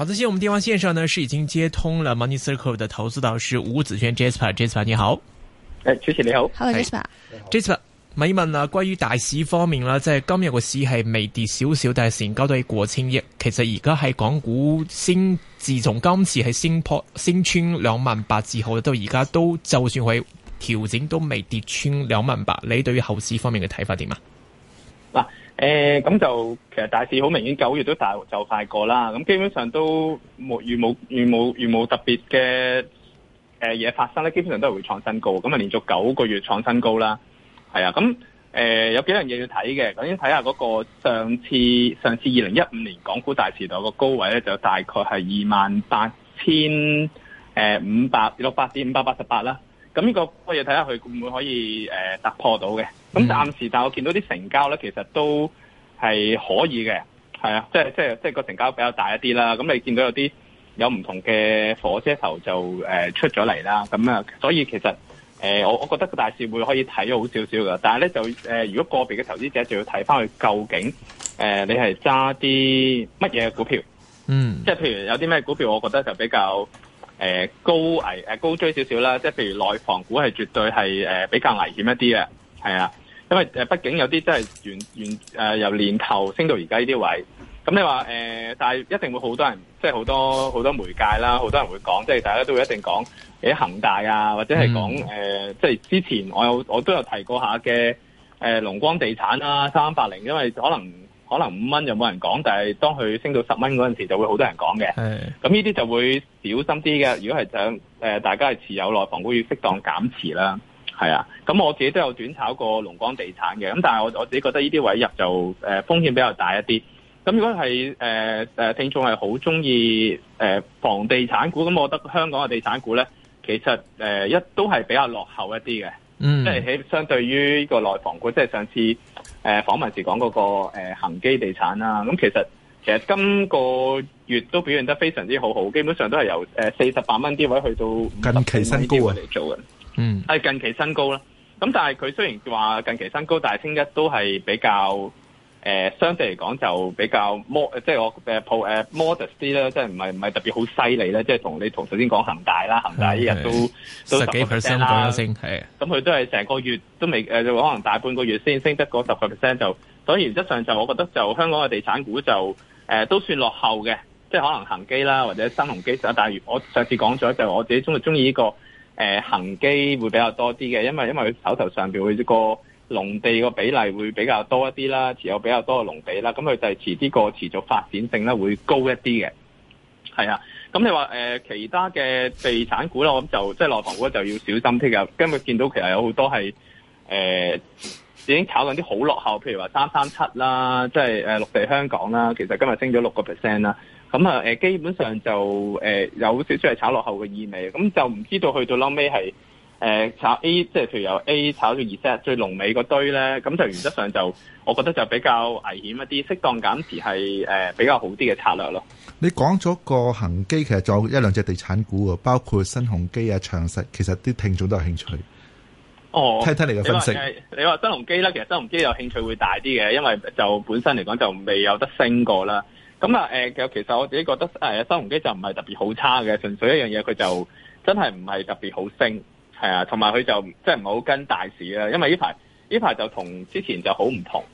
好，首先我們電話線上呢是已經接通了 Money Circle 的投資導師吳子軒 Jasper，Jasper 你好，誒，謝你好，Hello Jasper，Jasper，咪問啊，關於大市方面啦，即係今日個市係未跌少少，但係成交都係過千億，其實而家係港股先自從今次係升破升穿兩萬八之後，到而家都就算佢調整都未跌穿兩萬八，你對於後市方面嘅睇法點啊？啊。誒、咁、呃、就其實大市好明顯，九月都大就快過啦。咁基本上都冇，冇冇冇冇特別嘅誒嘢發生咧。基本上都係會創新高，咁啊連續九個月創新高啦。係啊，咁誒、呃、有幾樣嘢要睇嘅。首先睇下嗰個上次上次二零一五年港股大時代個高位咧，就大概係二萬八千誒五百六百至五百八十八啦。咁呢個可以睇下佢會唔會可以誒、呃、突破到嘅。咁、嗯、暫時，但我見到啲成交咧，其實都係可以嘅，係啊，即係即係即係個成交比較大一啲啦。咁你見到有啲有唔同嘅火車頭就誒出咗嚟啦，咁啊，所以其實誒我我覺得個大市會可以睇好少少㗎。但係咧就誒，如果個別嘅投資者就要睇翻佢究竟誒你係揸啲乜嘢股票，嗯，即係譬如有啲咩股票，我覺得就比較誒高危高追少少啦。即係譬如內房股係絕對係比較危險一啲嘅，係啊。因為誒，畢竟有啲真係原原誒、呃、由年頭升到而家呢啲位置，咁你話誒、呃，但係一定會好多人，即係好多好多媒介啦，好多人會講，即係大家都會一定講誒恒大啊，或者係講誒，即係之前我有我都有提過一下嘅誒、呃、龍光地產啦、啊，三百零，因為可能可能五蚊又冇人講，但係當佢升到十蚊嗰陣時，就會好多人講嘅。咁呢啲就會小心啲嘅。如果係想誒、呃，大家係持有內房股，要適當減持啦。係啊，咁我自己都有短炒過龍光地產嘅，咁但係我我自己覺得呢啲位入就，誒、呃、風險比較大一啲。咁如果係，誒、呃、誒聽眾係好中意，誒、呃、房地產股，咁我覺得香港嘅地產股咧，其實，誒、呃、一都係比較落後一啲嘅，即係喺相對於呢個內房股，即係上次，誒、呃、訪問時講嗰、那個，誒、呃、恒基地產啦、啊，咁其實，其實今個月都表現得非常之好好，基本上都係由48，誒四十八蚊啲位去到近期新高位嚟做嘅。嗯，係近期新高啦。咁但係佢雖然話近期新高，但係升得都係比較誒、呃，相對嚟講就比較 modest, 即係我誒 modest 啲啦，即係唔係唔係特別好犀利咧。即係同你同頭先講恒大啦，恒大呢日都、嗯、都十幾 percent 升，係。咁佢都係成個月都未誒、呃，就可能大半個月先升得嗰十個 percent 就。所以原則上就我覺得就香港嘅地產股就誒、呃、都算落後嘅，即係可能恒基啦或者新鴻基。但係我上次講咗，就我自己中意中意呢個。誒恆、呃、基會比較多啲嘅，因為因為佢手頭上邊會個農地個比例會比較多一啲啦，持有比較多嘅農地啦，咁佢就係遲啲個持續發展性咧會高一啲嘅。係啊，咁你話誒、呃、其他嘅地產股啦，我諗就即係內房股就要小心啲嘅。今日見到其實有好多係誒、呃、已經炒緊啲好落後，譬如話三三七啦，即係誒綠地香港啦，其實今日升咗六個 percent 啦。咁啊，誒基本上就誒有少少係炒落後嘅意味，咁就唔知道去到撈尾係誒炒 A，即係譬如由 A 炒到 Z，最龍尾嗰堆咧，咁就原則上就我覺得就比較危險一啲，適當減持係誒比較好啲嘅策略咯。你講咗個恒基，其實仲有一兩隻地產股喎，包括新鴻基啊、長實，其實啲聽眾都有興趣。哦，聽聽你嘅分析。你話新鴻基咧，其實新鴻基有興趣會大啲嘅，因為就本身嚟講就未有得升過啦。咁啊，誒，其實我自己覺得，誒，新鴻基就唔係特別好差嘅，純粹一樣嘢，佢就真係唔係特別好升，係啊，同埋佢就即係唔好跟大市啦，因為呢排依排就同之前就好唔同，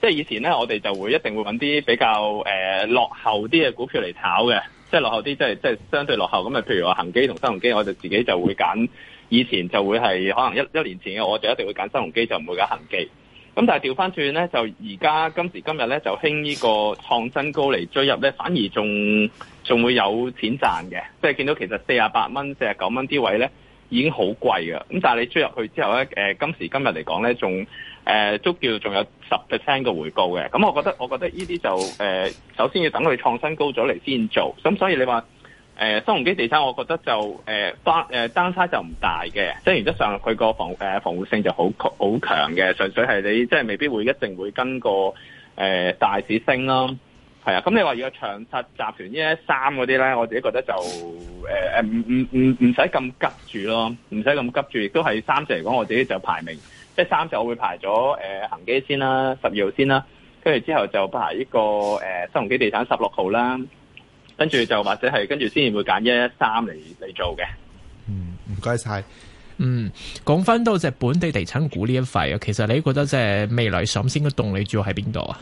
即係以前咧，我哋就會一定會揾啲比較誒落後啲嘅股票嚟炒嘅，即係落後啲，即係即係相對落後咁啊，譬如話恒基同新鴻基，我就自己就會揀，以前就會係可能一一年前嘅，我就一定會揀新鴻基，就唔會揀恒基。咁但係調翻轉咧，就而家今時今日咧就興呢個創新高嚟追入咧，反而仲仲會有錢賺嘅。即係見到其實四廿八蚊、四廿九蚊啲位咧已經好貴㗎。咁但係你追入去之後咧，誒今時今日嚟、就是、講咧，仲誒、呃、都叫仲有十 percent 嘅回報嘅。咁我覺得，我覺得呢啲就、呃、首先要等佢創新高咗嚟先做。咁所以你話。誒，新鴻、呃、基地產，我覺得就誒、呃、單差就唔大嘅，即係原則上佢個防、呃、保護性就好好強嘅，純粹係你即係未必會一定會跟個誒、呃、大市升咯，係啊。咁、嗯、你話如果長實集團一呢一三嗰啲咧，我自己覺得就誒唔唔唔唔使咁急住咯，唔使咁急住，亦都係三隻嚟講，我自己就排名，即係三隻我會排咗、呃、恆基先啦，十二號先啦，跟住之後就排呢個誒新鴻基地產十六號啦。跟住就或者係跟住先會揀一一三嚟嚟做嘅。嗯，唔該晒。嗯，講翻到隻本地地產股呢一塊啊，其實你覺得即係未來上升嘅動力主要喺邊度啊？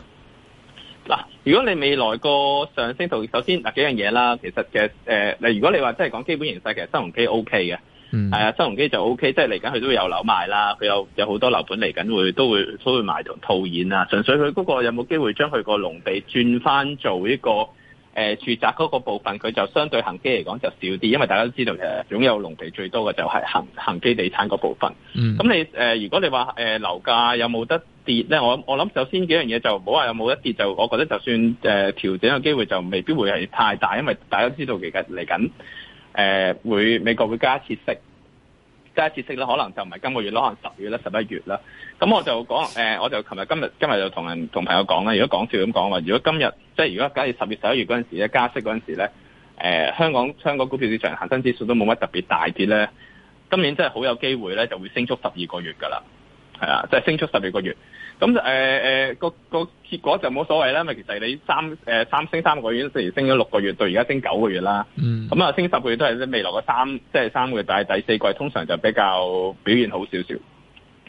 嗱，如果你未來個上升途，首先嗱幾樣嘢啦，其實其實誒，嗱、呃、如果你話即係講基本形勢，其實新鴻基 O K 嘅，係、嗯、啊，新鴻基就 OK，即係嚟緊佢都會有樓賣啦，佢有有好多樓盤嚟緊會都會都會賣同套現啊，純粹佢嗰個有冇機會將佢個農地轉翻做一個。誒、呃、住宅嗰個部分，佢就相對恆基嚟講就少啲，因為大家都知道誒擁有農地最多嘅就係恆恆基地產嗰部分。咁、嗯、你誒、呃，如果你話誒樓價有冇得跌咧，我我諗首先幾樣嘢就唔好話有冇得跌，就我覺得就算誒調、呃、整嘅機會就未必會係太大，因為大家都知道其實嚟緊誒會美國會加一次息。加息息咧，可能就唔係今個月咯，可能十月咧、十一月啦。咁我就講，誒、呃，我就琴日、今日、今日就同人、同朋友講啦。如果講笑咁講話，如果今日即係如果假如十月、十一月嗰陣時咧加息嗰陣時咧、呃，香港香港股票市場恒生指數都冇乜特別大跌咧，今年真係好有機會咧就會升足十二個月㗎啦，係啊，即係升足十二個月。咁就、呃呃、個，個結果就冇所謂啦，因為其實你三星三、呃、升三個月，即係升咗六個月，到而家升九個月啦。咁啊、嗯，升十個月都係未來嘅三即係三個月，但係第四季通常就比較表現好少少。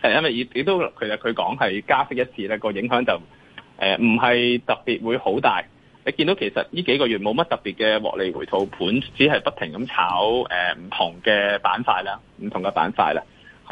係因為而亦都其實佢講係加息一次咧，個影響就唔係、呃、特別會好大。你見到其實呢幾個月冇乜特別嘅獲利回吐盤，只係不停咁炒呃、唔同嘅板塊啦，唔同嘅板塊啦。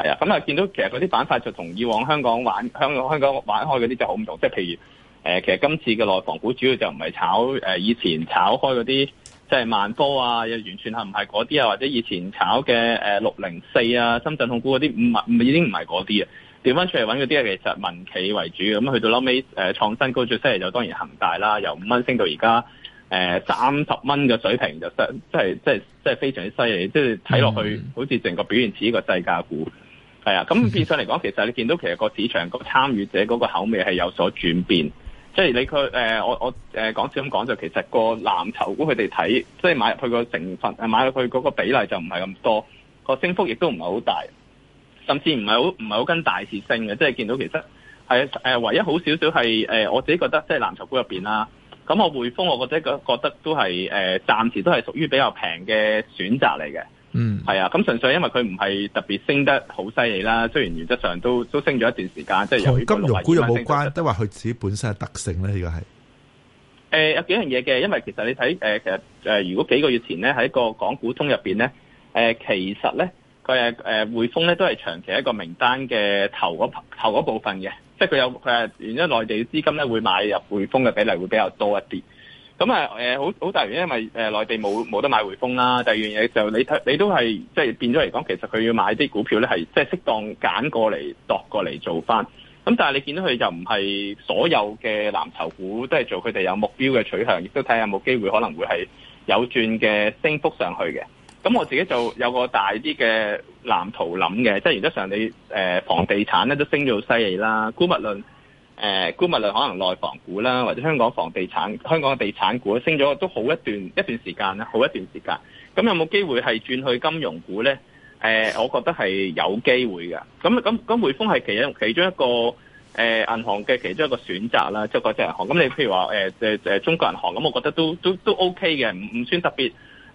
係啊，咁啊、嗯，見到其實嗰啲板塊就同以往香港玩香港香港玩開嗰啲就好唔同，即係譬如、呃、其實今次嘅內房股主要就唔係炒、呃、以前炒開嗰啲，即係萬科啊，又完全係唔係嗰啲啊，或者以前炒嘅誒六零四啊、深圳控股嗰啲，唔係唔係已經唔係嗰啲啊，調翻出嚟揾嗰啲啊，其實民企為主咁去到後尾、呃、創新高最犀利就當然恒大啦，由五蚊升到而家誒三十蚊嘅水平就，就真即係即係即係非常之犀利，即係睇落去、嗯、好似成個表現似呢個細價股。係啊，咁變相嚟講，其實你見到其實個市場個參與者嗰個口味係有所轉變，即係你佢、呃、我我、呃、講少少講就其實個藍籌股佢哋睇，即係買入去個成分買入去個比例就唔係咁多，個升幅亦都唔係好大，甚至唔係好唔係好跟大市升嘅，即係見到其實係唯一好少少係我自己覺得即係藍籌股入面啦，咁我匯豐我覺得覺覺得都係、呃、暫時都係屬於比較平嘅選擇嚟嘅。嗯，係啊，咁純粹因為佢唔係特別升得好犀利啦。雖然原則上都都升咗一段時間，即係由於金融股又冇關係，都話佢自己本身嘅特性咧，呢個係誒有幾樣嘢嘅。因為其實你睇誒其實誒如果幾個月前咧喺個港股通入面咧誒、呃、其實咧佢誒誒匯豐咧都係長期一個名單嘅頭嗰頭嗰部分嘅，即係佢有佢係原因內地嘅資金咧會買入匯豐嘅比例會比較多一啲。咁啊，好好、呃、大原因係誒、呃、內地冇冇得買匯豐啦。第二樣嘢就你睇，你都係即係變咗嚟講，其實佢要買啲股票咧，係即係適當揀過嚟度過嚟做翻。咁但係你見到佢就唔係所有嘅藍籌股都係做佢哋有目標嘅取向，亦都睇下有冇機會可能會係有轉嘅升幅上去嘅。咁我自己就有個大啲嘅藍圖諗嘅，即係原則上你、呃、房地產咧都升咗好犀利啦，估物論。誒、呃，股物類可能內房股啦，或者香港房地產、香港嘅地產股升咗都好一段一段時間啦，好一段時間。咁有冇機會係轉去金融股咧？誒、呃，我覺得係有機會嘅。咁咁咁，匯豐係其中其中一個誒、呃、銀行嘅其中一個選擇啦，即係國際銀行。咁你譬如話、呃呃、中國銀行咁，我覺得都都都 OK 嘅，唔唔算特別。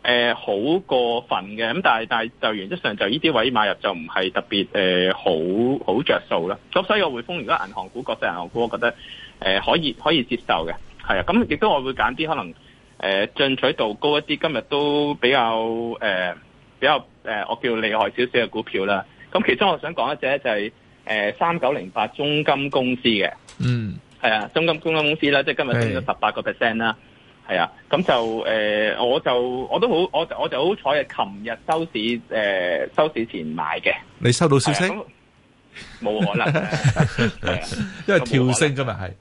誒，好、呃、過分嘅，咁但係但係就原則上就呢啲位買入就唔係特別誒、呃，好好着數啦。咁所以我匯豐如果銀行股、國際銀行股，我覺得誒、呃、可以可以接受嘅，係啊。咁亦都我會揀啲可能誒、呃、進取度高一啲，今日都比較誒、呃、比較誒、呃，我叫厲害少少嘅股票啦。咁其中我想講一隻就係誒三九零八中金公司嘅，嗯，係啊，中金公司啦，即係今日升咗十八個 percent 啦。係啊，咁就誒、呃，我就我都好，我就我就好彩啊！琴日收市誒、呃，收市前買嘅，你收到消息？冇、啊、可能， 呃、因為跳升噶嘛係，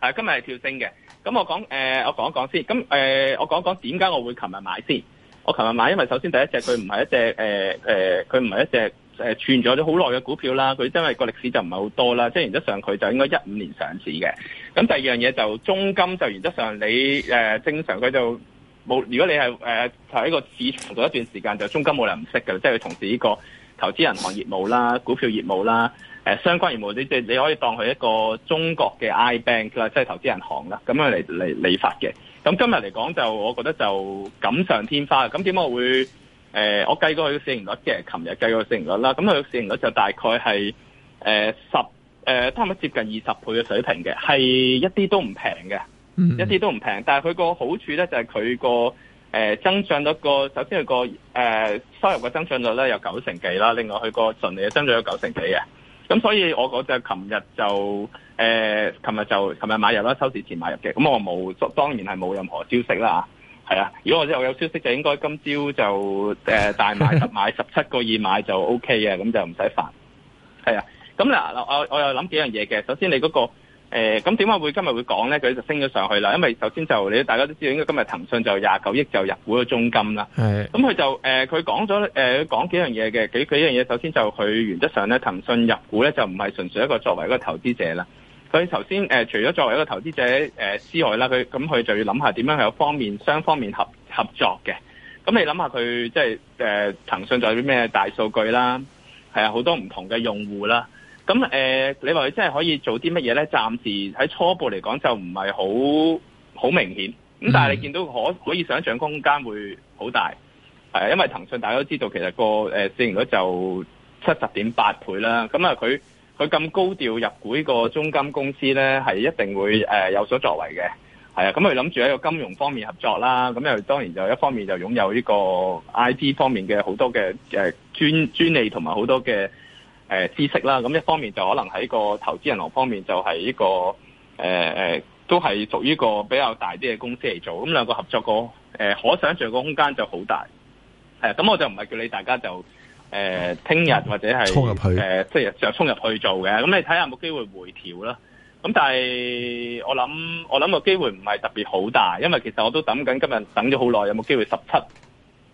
係今日係跳升嘅。咁我講誒，我講一講先。咁、嗯、誒、呃，我講一講點解我會琴日買先。我琴日買，因為首先第一隻佢唔係一隻誒誒，佢唔係一隻。呃誒、呃、串咗咗好耐嘅股票啦，佢因為個歷史就唔係好多啦，即係原則上佢就應該一五年上市嘅。咁第二樣嘢就中金，就原則上你誒、呃、正常佢就冇，如果你係誒喺個市場做一段時間，就中金冇人唔識㗎。即係佢從事呢個投資銀行業務啦、股票業務啦、誒、呃、相關業務，你即係你可以當佢一個中國嘅 I Bank 啦，即係投資銀行啦，咁樣嚟嚟法嘅。咁今日嚟講就，我覺得就錦上添花嘅。咁點解會？誒、呃，我計過佢個市盈率嘅，琴日計過個市盈率啦，咁佢個市盈率就大概係誒十誒，差唔多接近二十倍嘅水平嘅，係一啲都唔平嘅，mm hmm. 一啲都唔平。但係佢個好處咧就係佢個誒增長率個，首先佢個誒收入嘅增長率咧有九成幾啦，另外佢個純利增長有九成幾嘅。咁、嗯、所以我昨，我嗰隻琴日就誒，琴日就琴日買入啦，收市前買入嘅，咁我冇當然係冇任何消息啦係啊，如果我有有消息，就應該今朝就誒、呃、大買，特買十七個二買就 OK 嘅，咁就唔使煩。係啊，咁嗱，我我又諗幾樣嘢嘅。首先你、那個，你嗰個誒，咁點解會今日會講咧？佢就升咗上去啦。因為首先就你大家都知道，應該今日騰訊就廿九億就入股咗中金啦。係是的。咁佢就誒，佢講咗誒，講、呃、幾樣嘢嘅幾幾樣嘢。首先就佢原則上咧，騰訊入股咧就唔係純粹一個作為一個投資者啦。佢頭先誒，除咗作為一個投資者誒之外啦，佢咁佢就要諗下點樣去有方面雙方面合合作嘅。咁你諗下佢即係誒、呃、騰訊就有啲咩大數據啦，係啊好多唔同嘅用戶啦。咁、啊、誒、呃、你話佢真係可以做啲乜嘢咧？暫時喺初步嚟講就唔係好好明顯。咁但係你見到可可以想像空間會好大係啊，因為騰訊大家都知道其實個誒、呃、市盈率就七十點八倍啦。咁啊佢。佢咁高調入股呢個中金公司呢，係一定會、呃、有所作為嘅，係啊，咁佢諗住喺個金融方面合作啦，咁又當然就一方面就擁有呢個 IT 方面嘅好多嘅、呃、專專利同埋好多嘅、呃、知識啦，咁一方面就可能喺個投資銀行方面就係呢個誒、呃、都係屬於個比較大啲嘅公司嚟做，咁兩個合作個、呃、可想像個空間就好大，係咁我就唔係叫你大家就。誒，聽日、呃、或者係衝入去誒、呃，即係就衝入去做嘅，咁你睇下有冇機會回調啦。咁但係我諗，我諗個機會唔係特別好大，因為其實我都等緊今日等咗好耐，有冇機會十七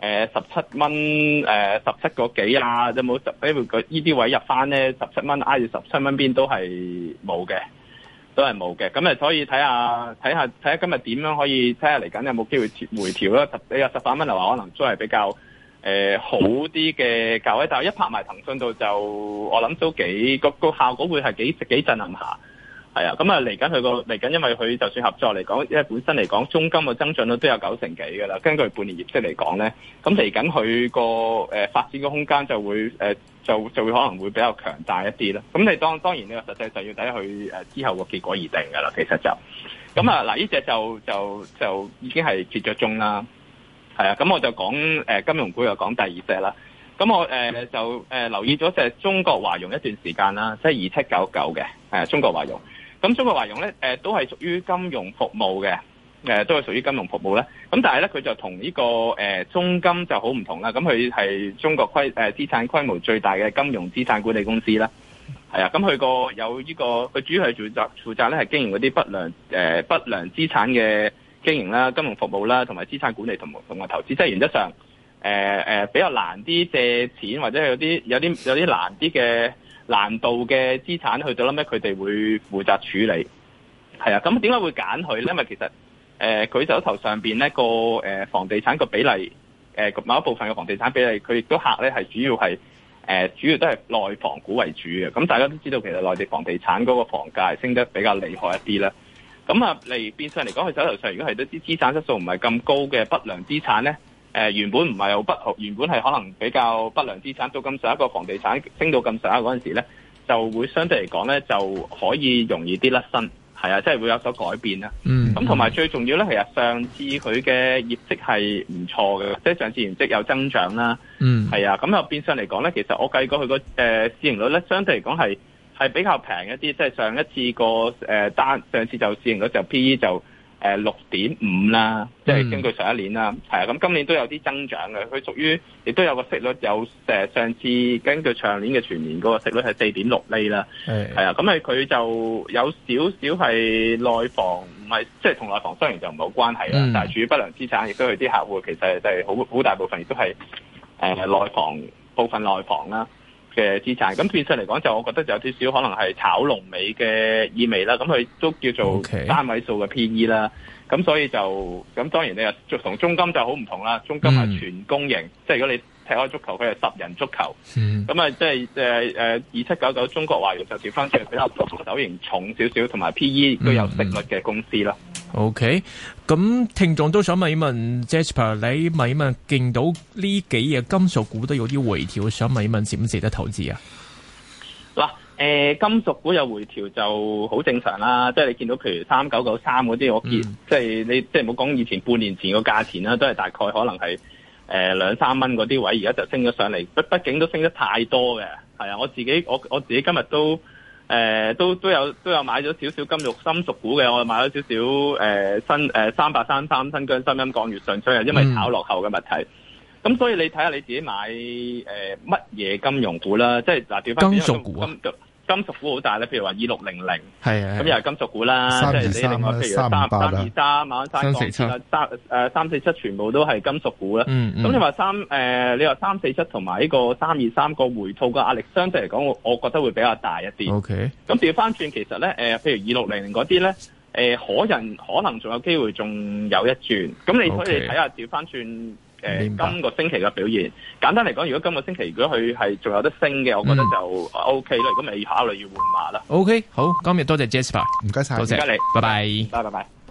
誒十七蚊誒十七個幾啊？有冇十比如佢呢啲位入翻咧？十七蚊挨住十七蚊邊都係冇嘅，都係冇嘅。咁誒，所以睇下睇下睇下今日點樣可以睇下嚟緊有冇機會回調啦。十你話十八蚊就話可能都係比較。誒、呃、好啲嘅教位，但係一拍埋騰訊度就，我諗都幾個，個效果會係幾幾震撼下，係啊。咁啊嚟緊佢個嚟緊，因為佢就算合作嚟講，因為本身嚟講，中金嘅增長率都都有九成幾㗎啦。根據半年業績嚟講咧，咁嚟緊佢個發展嘅空間就會、呃、就就會可能會比較強大一啲啦。咁你當當然呢個實際就要睇佢之後個結果而定㗎啦。其實就咁、嗯、啊，嗱呢隻就就就已經係結咗中啦。係啊，咁我就講誒、呃、金融股又講第二隻啦。咁我誒、呃、就誒、呃呃、留意咗隻中國華融一段時間啦，即係二七九九嘅中國華融。咁中國華融咧誒、呃、都係屬於金融服務嘅，誒、呃、都係屬於金融服務啦。咁但係咧佢就同呢、這個誒、呃、中金就好唔同啦。咁佢係中國規誒資產規模最大嘅金融資產管理公司啦。係啊，咁佢、這個有呢個佢主要係負責負責咧係經營嗰啲不良誒、呃、不良資產嘅。經營啦、金融服務啦、同埋資產管理同埋同埋投資，即係原則上，誒、呃、誒、呃、比較難啲借錢，或者有啲有啲有啲難啲嘅難度嘅資產，去到咧佢哋會負責處理。係啊，咁點解會揀佢咧？因為其實誒佢、呃、手頭上面咧個房地產個比例，誒、呃、某一部分嘅房地產比例，佢亦都客咧係主要係誒、呃、主要都係內房股為主嘅。咁大家都知道，其實內地房地產嗰個房價係升得比較厲害一啲啦。咁啊，例如變相嚟講，佢手頭上如果係啲資產質素唔係咁高嘅不良資產咧，誒原本唔係好不好，原本係可能比較不良資產，到咁上一個房地產升到咁上下嗰陣時咧，就會相對嚟講咧就可以容易啲甩身，係啊，即係會有所改變啦。嗯。咁同埋最重要咧，其實上次佢嘅業績係唔錯嘅，即係上次業績有增長啦。嗯。係啊，咁又變相嚟講咧，其實我計過佢個誒市盈率咧，相對嚟講係。係比較平一啲，即係上一次個誒單、呃，上次就試完嗰陣 PE 就誒六點五啦，即係根據上一年啦，係、嗯、啊，咁今年都有啲增長嘅。佢屬於亦都有個息率有誒、呃，上次根據上年嘅全年嗰個息率係四點六厘啦，係、嗯、啊，咁係佢就有少少係內房，唔係即係同內房雖然就唔係好關係啦，嗯、但係處於不良資產，亦都係啲客戶其實就係好好大部分也是，亦都係誒內房部分內房啦。嘅資產，咁變相嚟講就我覺得就有啲少可能係炒龍尾嘅意味啦，咁佢都叫做單位數嘅 PE 啦，咁 Okay. 所以就咁當然你又同中金就好唔同啦，中金係全公營，嗯、即係如果你。踢開足球，佢係十人足球，咁啊、嗯，即係誒誒，二七九九中國華融就調返出比較手型重少少，同埋 P E 都有息率嘅公司啦、嗯嗯。OK，咁聽眾都想問一問 Jasper，你咪一問見到呢幾隻金屬股都有啲回調，想問一問值唔值得投資啊？嗱，誒、呃，金屬股有回調就好正常啦，即係你見到譬如三九九三嗰啲，嗯、我見即係你即係唔好講以前半年前個價錢啦，都係大概可能係。誒、呃、兩三蚊嗰啲位，而家就升咗上嚟。畢畢竟都升得太多嘅，係啊！我自己我我自己今日都誒都、呃、都有都有買咗少少金融金屬股嘅，我買咗少少誒、呃、新誒、呃、三百三三新疆新音鋼月上，所因為炒落後嘅物體。咁、嗯、所以你睇下你自己買誒乜嘢金融股啦，即係嗱掉翻金屬股、啊金屬股好大咧，譬如話二六零零，係啊，咁又係金屬股啦，即係你另外譬如 3, 三二三,三、萬三個轉啦，三誒、啊、三四七全部都係金屬股啦。咁你話三誒、呃，你話三四七同埋呢個三二三個回吐嘅壓力相對嚟講，我覺得會比較大一啲。OK，咁調翻轉其實咧，誒、呃、譬如二六零零嗰啲咧，誒、呃、可人可能仲有機會仲有一轉。咁你可以睇下調翻轉。Okay, 誒今、呃這個星期嘅表現，簡單嚟講，如果今個星期如果佢係仲有得升嘅，我覺得就 O K 啦。嗯、如果咪考慮要換馬啦。O、okay, K，好，今日多謝 Jasper，唔該晒。多謝你，拜拜謝，拜拜拜。Bye bye bye bye bye.